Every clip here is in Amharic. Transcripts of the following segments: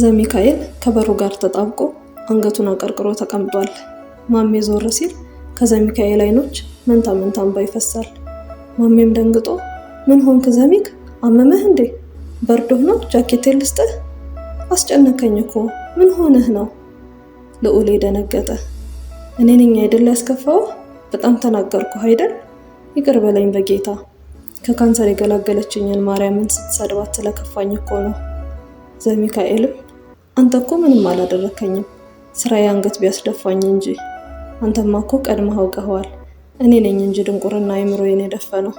ዘሚካኤል ከበሩ ጋር ተጣብቆ አንገቱን አቀርቅሮ ተቀምጧል። ማሜ ዞር ሲል ከዘሚካኤል አይኖች መንታ መንታ እንባ ይፈሳል። ማሜም ደንግጦ ምን ሆንክ ዘሚክ፣ አመመህ እንዴ? በርዶ ነው? ጃኬቴን ልስጥህ? አስጨነከኝ እኮ ምን ሆነህ ነው? ልዑሌ ደነገጠ። እኔ ነኝ አይደል ያስከፋው? በጣም ተናገርኩ አይደል? ይቅር በለኝ በጌታ ከካንሰር የገላገለችኝን ማርያምን ስትሰድባት ስለከፋኝ እኮ ነው። ዘሚካኤልም አንተ እኮ ምንም አላደረከኝም፣ ስራ የአንገት ቢያስደፋኝ እንጂ አንተማ እኮ ቀድመ አውቀኸዋል። እኔ ነኝ እንጂ ድንቁርና አይምሮዬን የደፈነው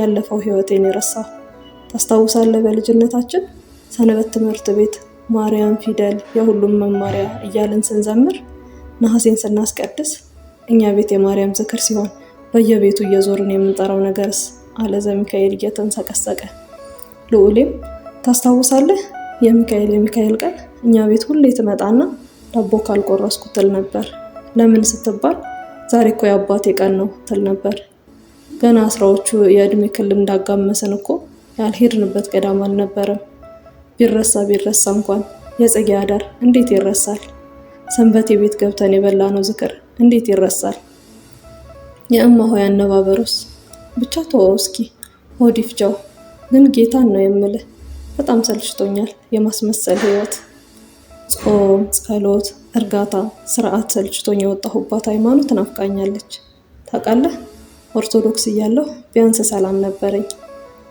ያለፈው ህይወቴን የረሳው። ታስታውሳለህ? በልጅነታችን ሰንበት ትምህርት ቤት ማርያም ፊደል የሁሉም መማሪያ እያልን ስንዘምር ነሐሴን ስናስቀድስ እኛ ቤት የማርያም ዝክር ሲሆን በየቤቱ እየዞርን የምንጠራው ነገርስ አለ ዘሚካኤል እየተንሰቀሰቀ። ልዑሌም ታስታውሳለህ? የሚካኤል የሚካኤል ቀን እኛ ቤት ሁሌ ትመጣና ዳቦ ካልቆረስኩ ትል ነበር። ለምን ስትባል ዛሬ እኮ የአባቴ ቀን ነው ትል ነበር። ገና ስራዎቹ የእድሜ ክልል እንዳጋመሰን እኮ ያልሄድንበት ገዳም አልነበረም። ቢረሳ ቢረሳ እንኳን የጽጌ አዳር እንዴት ይረሳል? ሰንበት የቤት ገብተን የበላ ነው ዝክር እንዴት ይረሳል? የእማ ሆይ አነባበሩስ ብቻ ተወው እስኪ ሆድ ግን ጌታን ነው የምልህ በጣም ሰልችቶኛል የማስመሰል ህይወት። ጾም፣ ጸሎት፣ እርጋታ፣ ስርዓት ሰልችቶኝ የወጣሁባት ሃይማኖት ናፍቃኛለች። ታውቃለህ፣ ኦርቶዶክስ እያለሁ ቢያንስ ሰላም ነበረኝ፣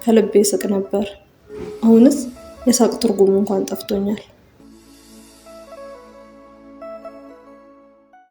ከልቤ ስቅ ነበር። አሁንስ የሳቅ ትርጉም እንኳን ጠፍቶኛል።